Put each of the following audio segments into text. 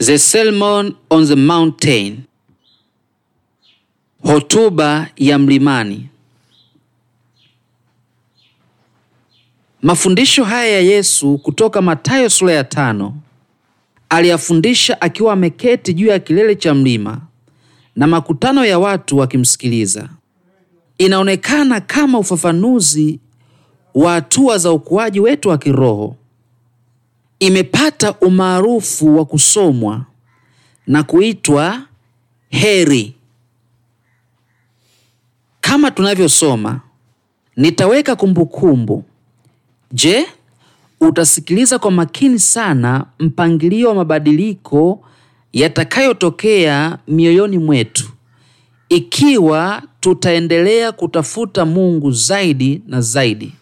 The Sermon on the Mountain, hotuba ya mlimani. Mafundisho haya ya Yesu kutoka Mathayo sura ya tano aliyafundisha akiwa ameketi juu ya kilele cha mlima na makutano ya watu wakimsikiliza. Inaonekana kama ufafanuzi wa hatua za ukuaji wetu wa kiroho imepata umaarufu wa kusomwa na kuitwa heri. Kama tunavyosoma, nitaweka kumbukumbu. Je, utasikiliza kwa makini sana mpangilio wa mabadiliko yatakayotokea mioyoni mwetu ikiwa tutaendelea kutafuta Mungu zaidi na zaidi.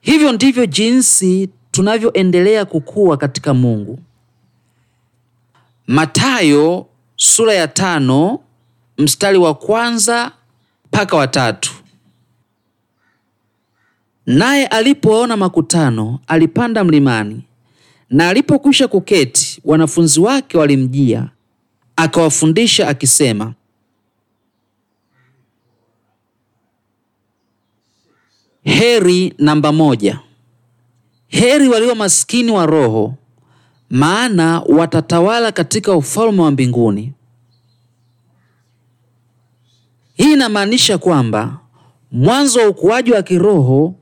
Hivyo ndivyo jinsi tunavyoendelea kukua katika Mungu. Matayo sura ya tano mstari wa kwanza mpaka watatu. Naye alipoona makutano alipanda mlimani, na alipokwisha kuketi, wanafunzi wake walimjia, akawafundisha akisema Heri namba moja, Heri walio maskini wa roho, maana watatawala katika ufalme wa mbinguni. Hii inamaanisha kwamba mwanzo wa ukuaji wa kiroho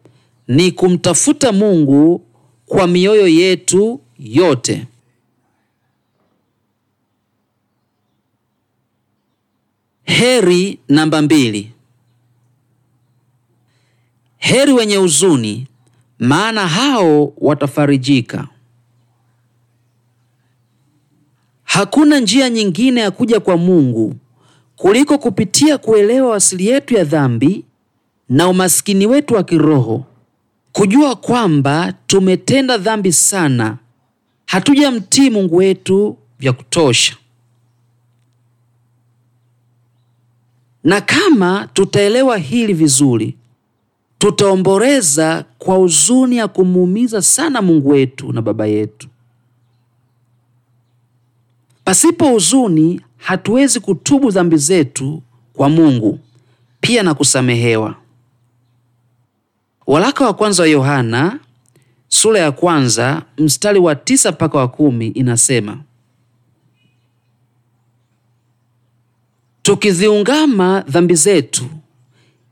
ni kumtafuta Mungu kwa mioyo yetu yote. Heri namba mbili. Heri wenye huzuni maana hao watafarijika. Hakuna njia nyingine ya kuja kwa Mungu kuliko kupitia kuelewa asili yetu ya dhambi na umaskini wetu wa kiroho, kujua kwamba tumetenda dhambi sana, hatujamtii Mungu wetu vya kutosha. Na kama tutaelewa hili vizuri, tutaomboreza kwa huzuni ya kumuumiza sana Mungu wetu na Baba yetu. Pasipo huzuni hatuwezi kutubu dhambi zetu kwa Mungu pia na kusamehewa. Waraka wa kwanza wa Yohana sura ya kwanza mstari wa tisa mpaka wa kumi inasema tukiziungama dhambi zetu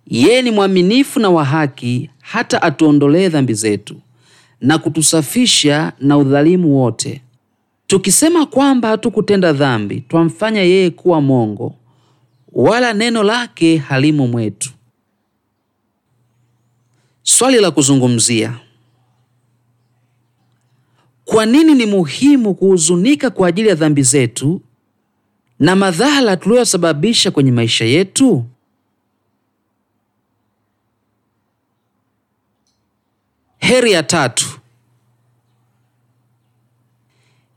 yeye ni mwaminifu na wa haki, hata atuondolee dhambi zetu na kutusafisha na udhalimu wote. Tukisema kwamba hatukutenda dhambi, twamfanya yeye kuwa mongo wala neno lake halimo mwetu. Swali la kuzungumzia: kwa nini ni muhimu kuhuzunika kwa ajili ya dhambi zetu na madhara tuliyosababisha kwenye maisha yetu? Heri ya tatu.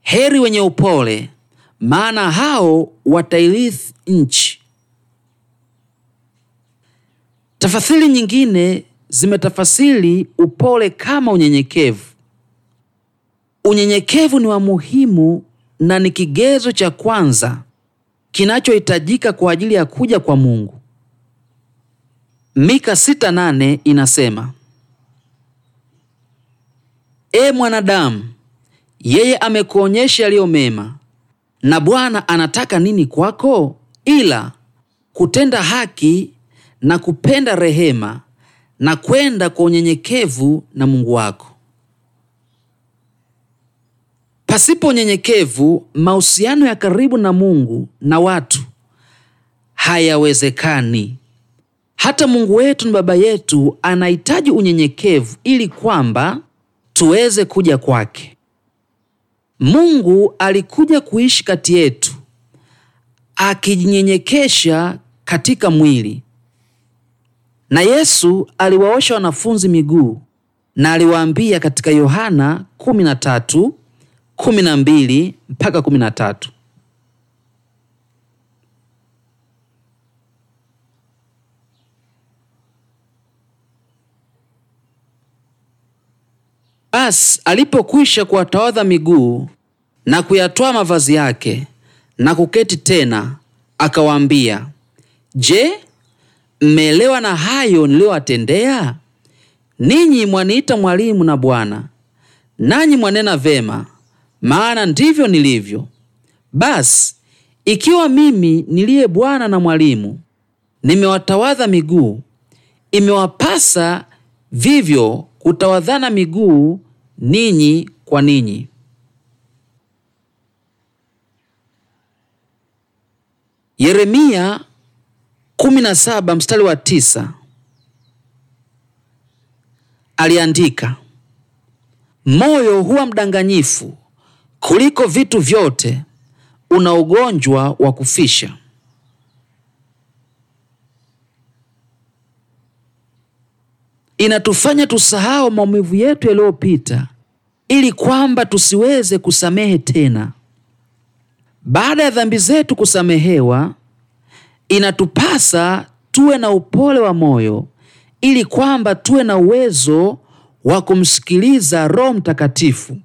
Heri wenye upole, maana hao watairithi nchi. Tafasiri nyingine zimetafasiri upole kama unyenyekevu. Unyenyekevu ni wa muhimu na ni kigezo cha kwanza kinachohitajika kwa ajili ya kuja kwa Mungu. Mika 6:8 inasema, E mwanadamu, yeye amekuonyesha yaliyo mema, na Bwana anataka nini kwako ila kutenda haki na kupenda rehema na kwenda kwa unyenyekevu na Mungu wako. Pasipo unyenyekevu, mahusiano ya karibu na Mungu na watu hayawezekani. Hata Mungu wetu ni Baba yetu anahitaji unyenyekevu ili kwamba tuweze kuja kwake. Mungu alikuja kuishi kati yetu akijinyenyekesha katika mwili. Na Yesu aliwaosha wanafunzi miguu na aliwaambia katika Yohana 13:12 mpaka 13, Basi alipokwisha kuwatawadha miguu na kuyatwaa mavazi yake na kuketi tena, akawaambia, Je, mmeelewa na hayo niliyowatendea ninyi? Mwaniita mwalimu na Bwana, nanyi mwanena vema, maana ndivyo nilivyo. Basi ikiwa mimi niliye Bwana na mwalimu nimewatawadha miguu, imewapasa vivyo kutawadhana miguu ninyi kwa ninyi. Yeremia 17 mstari wa tisa aliandika, moyo huwa mdanganyifu kuliko vitu vyote, una ugonjwa wa kufisha. inatufanya tusahau maumivu yetu yaliyopita ili kwamba tusiweze kusamehe tena. Baada ya dhambi zetu kusamehewa, inatupasa tuwe na upole wa moyo ili kwamba tuwe na uwezo wa kumsikiliza Roho Mtakatifu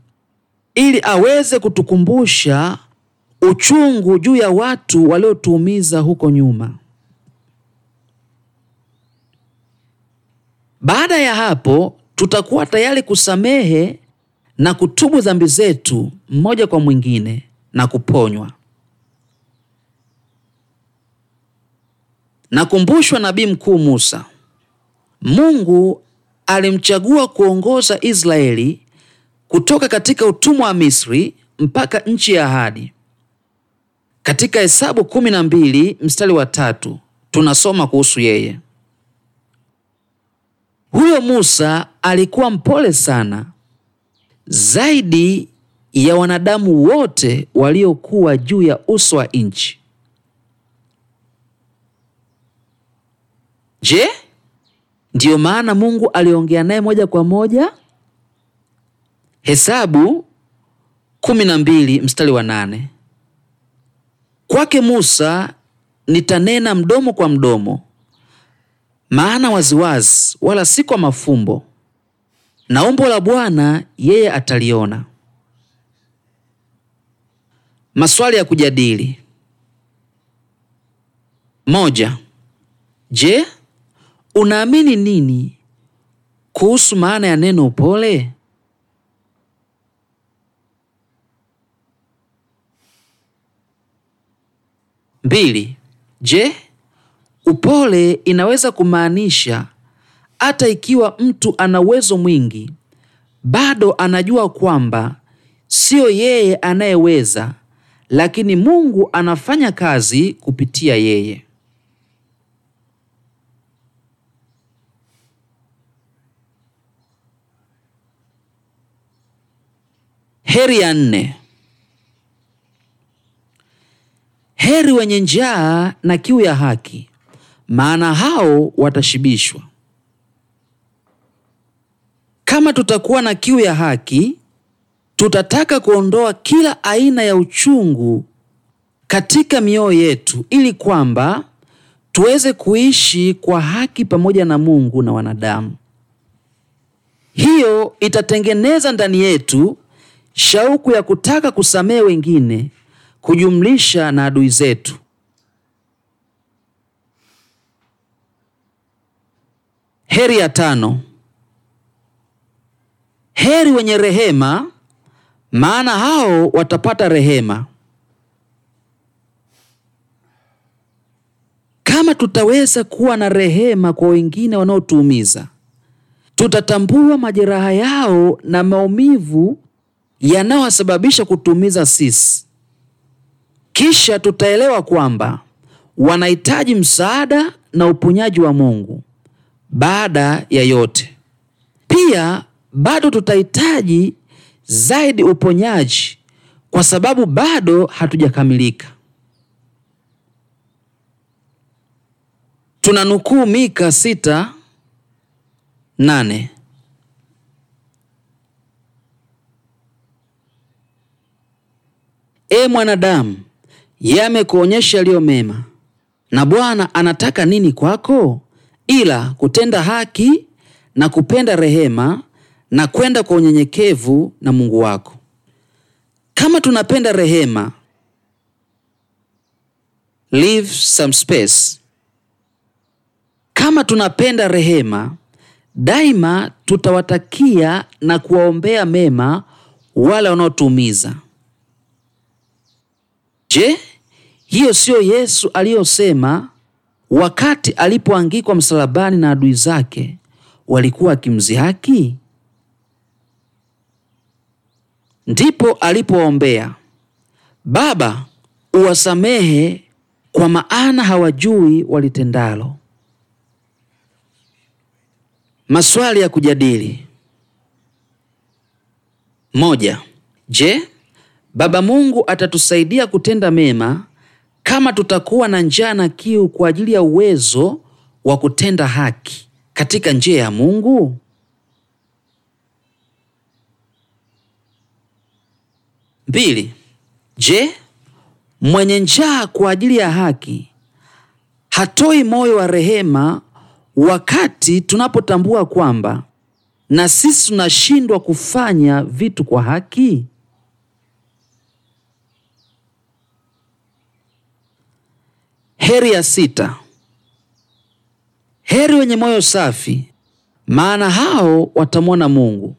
ili aweze kutukumbusha uchungu juu ya watu waliotuumiza huko nyuma. Baada ya hapo tutakuwa tayari kusamehe na kutubu dhambi zetu mmoja kwa mwingine na kuponywa. Nakumbushwa nabii mkuu Musa. Mungu alimchagua kuongoza Israeli kutoka katika utumwa wa Misri mpaka nchi ya ahadi. Katika Hesabu 12 mstari wa tatu tunasoma kuhusu yeye. Huyo Musa alikuwa mpole sana zaidi ya wanadamu wote waliokuwa juu ya uso wa nchi. Je, ndiyo maana Mungu aliongea naye moja kwa moja? Hesabu 12 mstari wa nane. Kwake Musa nitanena mdomo kwa mdomo maana waziwazi, wala si kwa mafumbo, na umbo la Bwana yeye ataliona. Maswali ya kujadili: moja. Je, unaamini nini kuhusu maana ya neno upole? Mbili. Je, Upole inaweza kumaanisha hata ikiwa mtu ana uwezo mwingi, bado anajua kwamba siyo yeye anayeweza, lakini Mungu anafanya kazi kupitia yeye. Heri ya nne. Heri wenye njaa na kiu ya haki, maana hao watashibishwa. Kama tutakuwa na kiu ya haki, tutataka kuondoa kila aina ya uchungu katika mioyo yetu, ili kwamba tuweze kuishi kwa haki pamoja na Mungu na wanadamu. Hiyo itatengeneza ndani yetu shauku ya kutaka kusamehe wengine, kujumlisha na adui zetu. Heri ya tano, heri wenye rehema, maana hao watapata rehema. Kama tutaweza kuwa na rehema kwa wengine wanaotuumiza, tutatambua majeraha yao na maumivu yanayosababisha kutuumiza sisi, kisha tutaelewa kwamba wanahitaji msaada na uponyaji wa Mungu baada ya yote. Pia bado tutahitaji zaidi uponyaji, kwa sababu bado hatujakamilika. Tunanukuu Mika sita nane E mwanadamu, yeye amekuonyesha yaliyo mema, na Bwana anataka nini kwako? ila kutenda haki na kupenda rehema na kwenda kwa unyenyekevu na Mungu wako. Kama tunapenda rehema, leave some space. Kama tunapenda rehema, daima tutawatakia na kuwaombea mema wale wanaotuumiza. Je, hiyo siyo Yesu aliyosema wakati alipoangikwa msalabani na adui zake walikuwa haki Ndipo alipoombea Baba, uwasamehe kwa maana hawajui walitendalo. Maswali ya kujadili: moja. Je, Baba Mungu atatusaidia kutenda mema kama tutakuwa na njaa na kiu kwa ajili ya uwezo wa kutenda haki katika njia ya Mungu? Mbili, je, mwenye njaa kwa ajili ya haki hatoi moyo wa rehema wakati tunapotambua kwamba na sisi tunashindwa kufanya vitu kwa haki? Heri ya sita, heri wenye moyo safi, maana hao watamwona Mungu.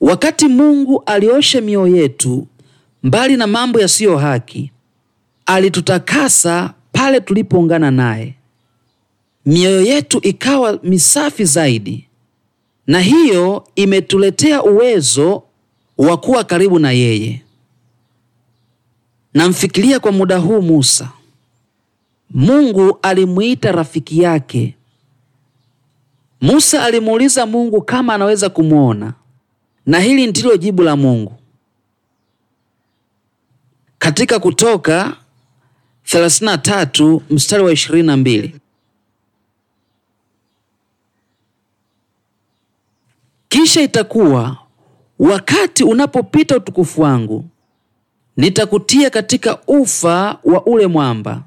Wakati Mungu alioshe mioyo yetu mbali na mambo yasiyo haki, alitutakasa pale tulipoungana naye, mioyo yetu ikawa misafi zaidi, na hiyo imetuletea uwezo wa kuwa karibu na yeye. Namfikiria kwa muda huu Musa. Mungu alimuita rafiki yake. Musa alimuuliza Mungu kama anaweza kumwona, na hili ndilo jibu la Mungu katika Kutoka 33 mstari wa 22. Kisha itakuwa wakati unapopita utukufu wangu nitakutia katika ufa wa ule mwamba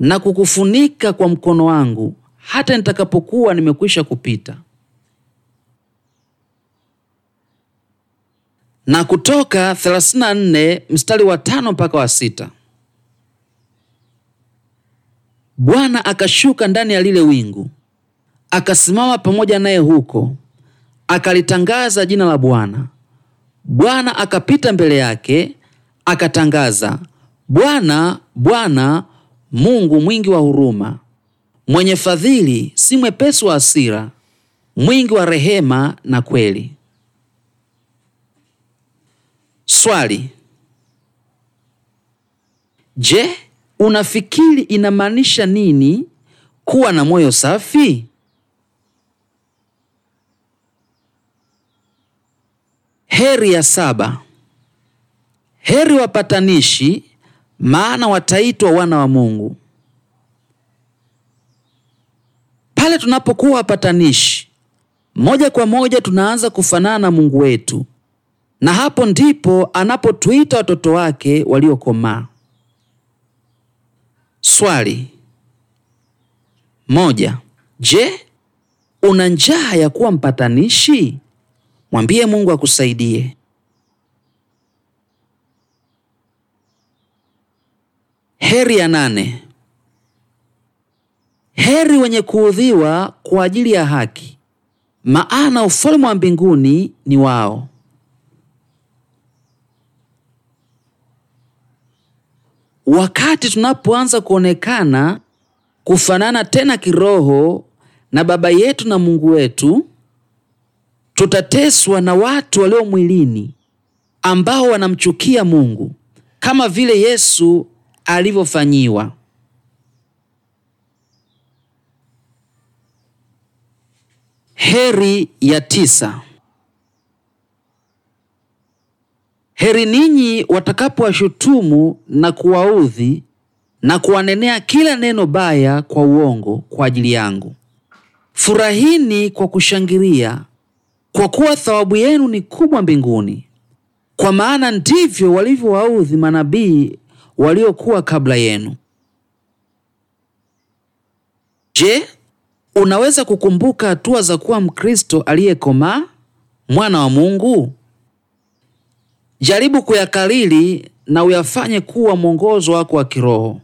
na kukufunika kwa mkono wangu hata nitakapokuwa nimekwisha kupita. Na Kutoka 34 mstari wa tano mpaka wa sita. Bwana akashuka ndani ya lile wingu akasimama pamoja naye huko, akalitangaza jina la Bwana. Bwana akapita mbele yake akatangaza, Bwana, Bwana Mungu mwingi wa huruma, mwenye fadhili, si mwepesi wa hasira, mwingi wa rehema na kweli. Swali: Je, unafikiri inamaanisha nini kuwa na moyo safi? Heri ya saba. Heri wapatanishi, maana wataitwa wana wa Mungu. Pale tunapokuwa wapatanishi, moja kwa moja tunaanza kufanana na Mungu wetu, na hapo ndipo anapotuita watoto wake waliokomaa. Swali moja. Je, una njaa ya kuwa mpatanishi? Mwambie Mungu akusaidie. Heri ya nane. Heri wenye kuudhiwa kwa ajili ya haki, maana ufalme wa mbinguni ni wao. Wakati tunapoanza kuonekana kufanana tena kiroho na Baba yetu na Mungu wetu, tutateswa na watu walio mwilini ambao wanamchukia Mungu kama vile Yesu alivyofanyiwa. Heri ya tisa. Heri ninyi watakapowashutumu na kuwaudhi na kuwanenea kila neno baya kwa uongo kwa ajili yangu. Furahini kwa kushangilia, kwa kuwa thawabu yenu ni kubwa mbinguni, kwa maana ndivyo walivyowaudhi manabii waliokuwa kabla yenu. Je, unaweza kukumbuka hatua za kuwa Mkristo aliyekomaa mwana wa Mungu? Jaribu kuyakalili na uyafanye kuwa mwongozo wako wa kiroho.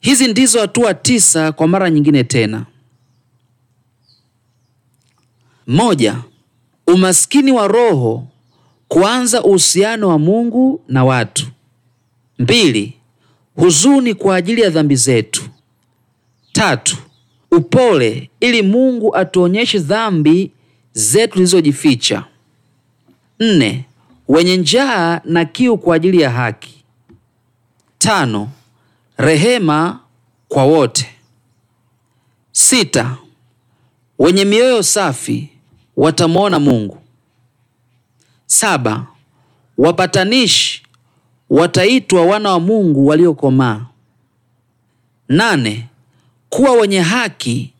Hizi ndizo hatua tisa kwa mara nyingine tena. Moja, umaskini wa roho kwanza uhusiano wa Mungu na watu. Mbili, huzuni kwa ajili ya dhambi zetu. Tatu, upole ili Mungu atuonyeshe dhambi zetu zilizojificha. Nne, wenye njaa na kiu kwa ajili ya haki. Tano, rehema kwa wote. Sita, wenye mioyo safi watamwona Mungu. Saba, wapatanishi wataitwa wana wa Mungu waliokomaa. Nane, kuwa wenye haki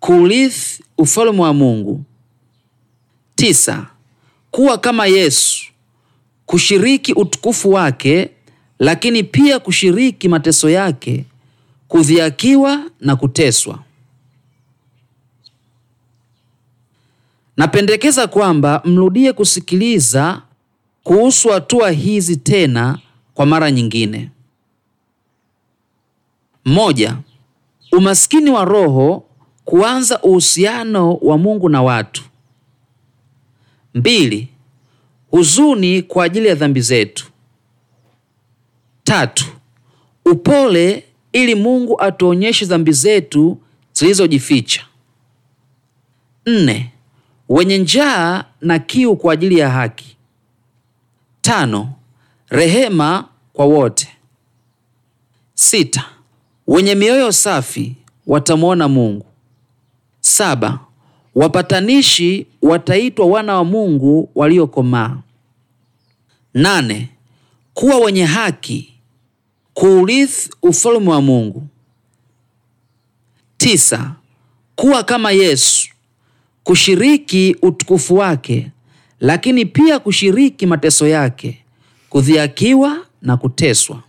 kuulithi ufalme wa Mungu. Tisa, kuwa kama Yesu kushiriki utukufu wake, lakini pia kushiriki mateso yake, kudhiakiwa na kuteswa. Napendekeza kwamba mrudie kusikiliza kuhusu hatua hizi tena kwa mara nyingine. Moja, umaskini wa roho kuanza uhusiano wa Mungu na watu. Mbili, huzuni kwa ajili ya dhambi zetu. Tatu, upole ili Mungu atuonyeshe dhambi zetu zilizojificha. Nne, wenye njaa na kiu kwa ajili ya haki. Tano, rehema kwa wote. Sita, wenye mioyo safi watamwona Mungu. Saba, wapatanishi wataitwa wana wa Mungu waliokomaa. Nane, kuwa wenye haki kuurithi ufalme wa Mungu. Tisa, kuwa kama Yesu kushiriki utukufu wake, lakini pia kushiriki mateso yake, kudhiakiwa na kuteswa.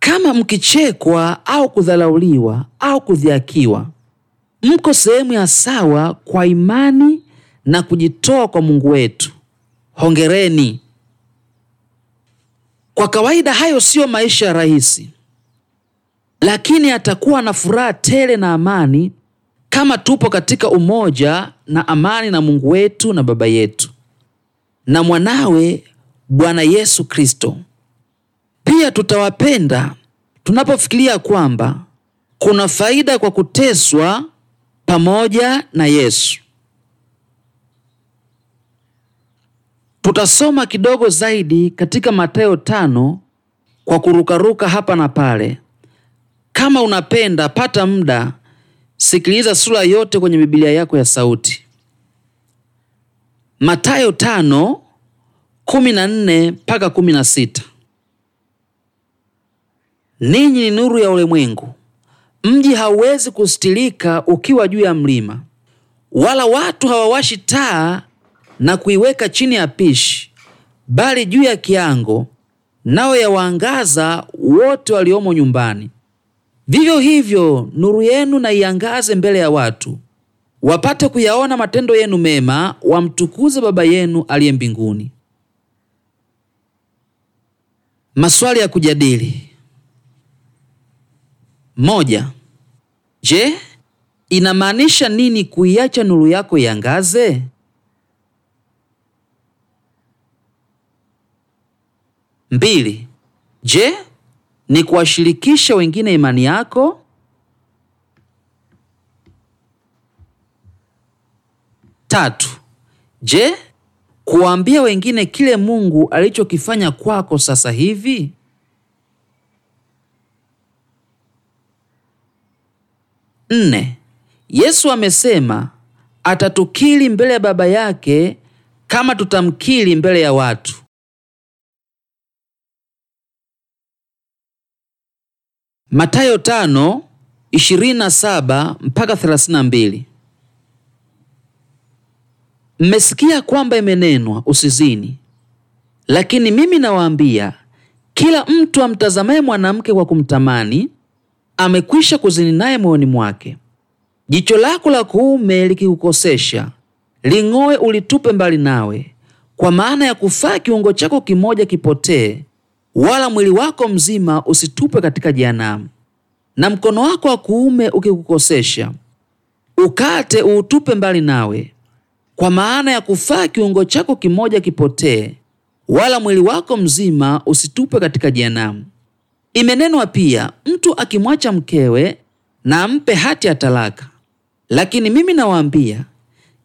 Kama mkichekwa au kudhalauliwa au kudhiakiwa mko sehemu ya sawa kwa imani na kujitoa kwa Mungu wetu. Hongereni. Kwa kawaida hayo siyo maisha rahisi lakini atakuwa na furaha tele na amani kama tupo katika umoja na amani na Mungu wetu na Baba yetu na mwanawe Bwana Yesu Kristo. Pia tutawapenda tunapofikiria kwamba kuna faida kwa kuteswa pamoja na Yesu. Tutasoma kidogo zaidi katika matayo tano kwa kurukaruka hapa na pale. Kama unapenda pata muda, sikiliza sura yote kwenye bibilia yako ya sauti. matayo tano kumi na nne mpaka kumi na sita. Ninyi ni nuru ya ulimwengu. Mji hauwezi kusitirika ukiwa juu ya mlima, wala watu hawawashi taa na kuiweka chini ya pishi, bali juu ya kiango, nao yawaangaza wote waliomo nyumbani. Vivyo hivyo nuru yenu na iangaze mbele ya watu, wapate kuyaona matendo yenu mema, wamtukuze Baba yenu aliye mbinguni. Maswali ya kujadili. Moja. Je, inamaanisha nini kuiacha nuru yako iangaze? Mbili. Je, ni kuwashirikisha wengine imani yako tatu je kuwaambia wengine kile mungu alichokifanya kwako sasa hivi nne yesu amesema atatukili mbele ya baba yake kama tutamkili mbele ya watu Mathayo tano ishirini na saba mpaka thelathini na mbili mmesikia kwamba imenenwa usizini, lakini mimi nawaambia kila mtu amtazamaye mwanamke kwa kumtamani amekwisha kuzini naye moyoni mwake. Jicho lako la kuume likikukosesha, ling'oe, ulitupe mbali nawe, kwa maana ya kufaa kiungo chako kimoja kipotee wala mwili wako mzima usitupwe katika jehanamu. Na mkono wako wa kuume ukikukosesha, ukate uutupe mbali nawe, kwa maana ya kufaa kiungo chako kimoja kipotee, wala mwili wako mzima usitupwe katika jehanamu. Imenenwa pia, mtu akimwacha mkewe na ampe hati ya talaka. Lakini mimi nawaambia,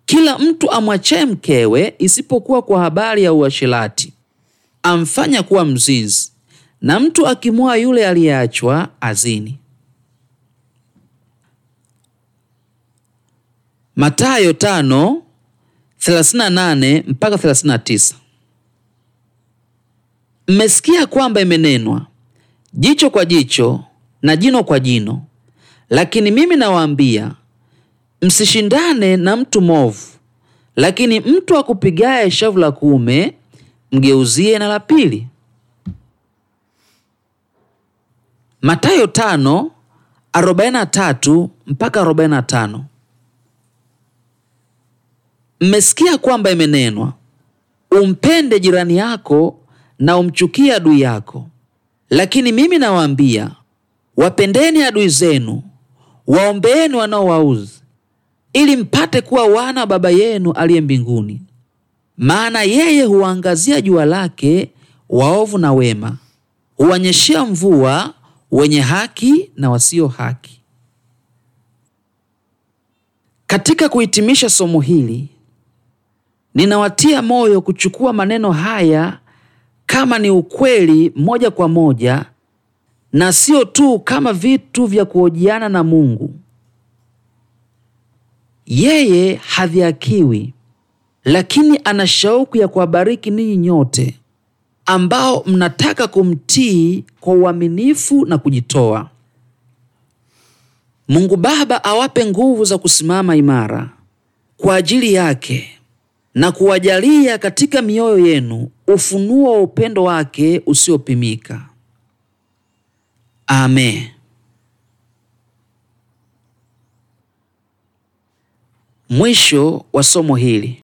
kila mtu amwachaye mkewe, isipokuwa kwa habari ya uasherati amfanya kuwa mzinzi, na mtu akimwoa yule aliyeachwa azini. Mathayo 5:38 mpaka 39. Mmesikia kwamba imenenwa jicho kwa jicho na jino kwa jino, lakini mimi nawaambia msishindane na mtu movu Lakini mtu akupigaye shavu la kuume mgeuzie na la pili. Mathayo tano arobaini na tatu mpaka arobaini na tano. Mmesikia kwamba imenenwa, umpende jirani yako na umchukie adui yako. Lakini mimi nawaambia, wapendeni adui zenu, waombeeni wanaowauzi, ili mpate kuwa wana wa Baba yenu aliye mbinguni maana yeye huwaangazia jua lake waovu na wema, huwanyeshea mvua wenye haki na wasio haki. Katika kuhitimisha somo hili, ninawatia moyo kuchukua maneno haya kama ni ukweli moja kwa moja na sio tu kama vitu vya kuhojiana na Mungu. Yeye hadhihakiwi, lakini ana shauku ya kuwabariki ninyi nyote ambao mnataka kumtii kwa uaminifu na kujitoa. Mungu Baba awape nguvu za kusimama imara kwa ajili yake na kuwajalia katika mioyo yenu ufunuo wa upendo wake usiopimika. Amen. Mwisho wa somo hili.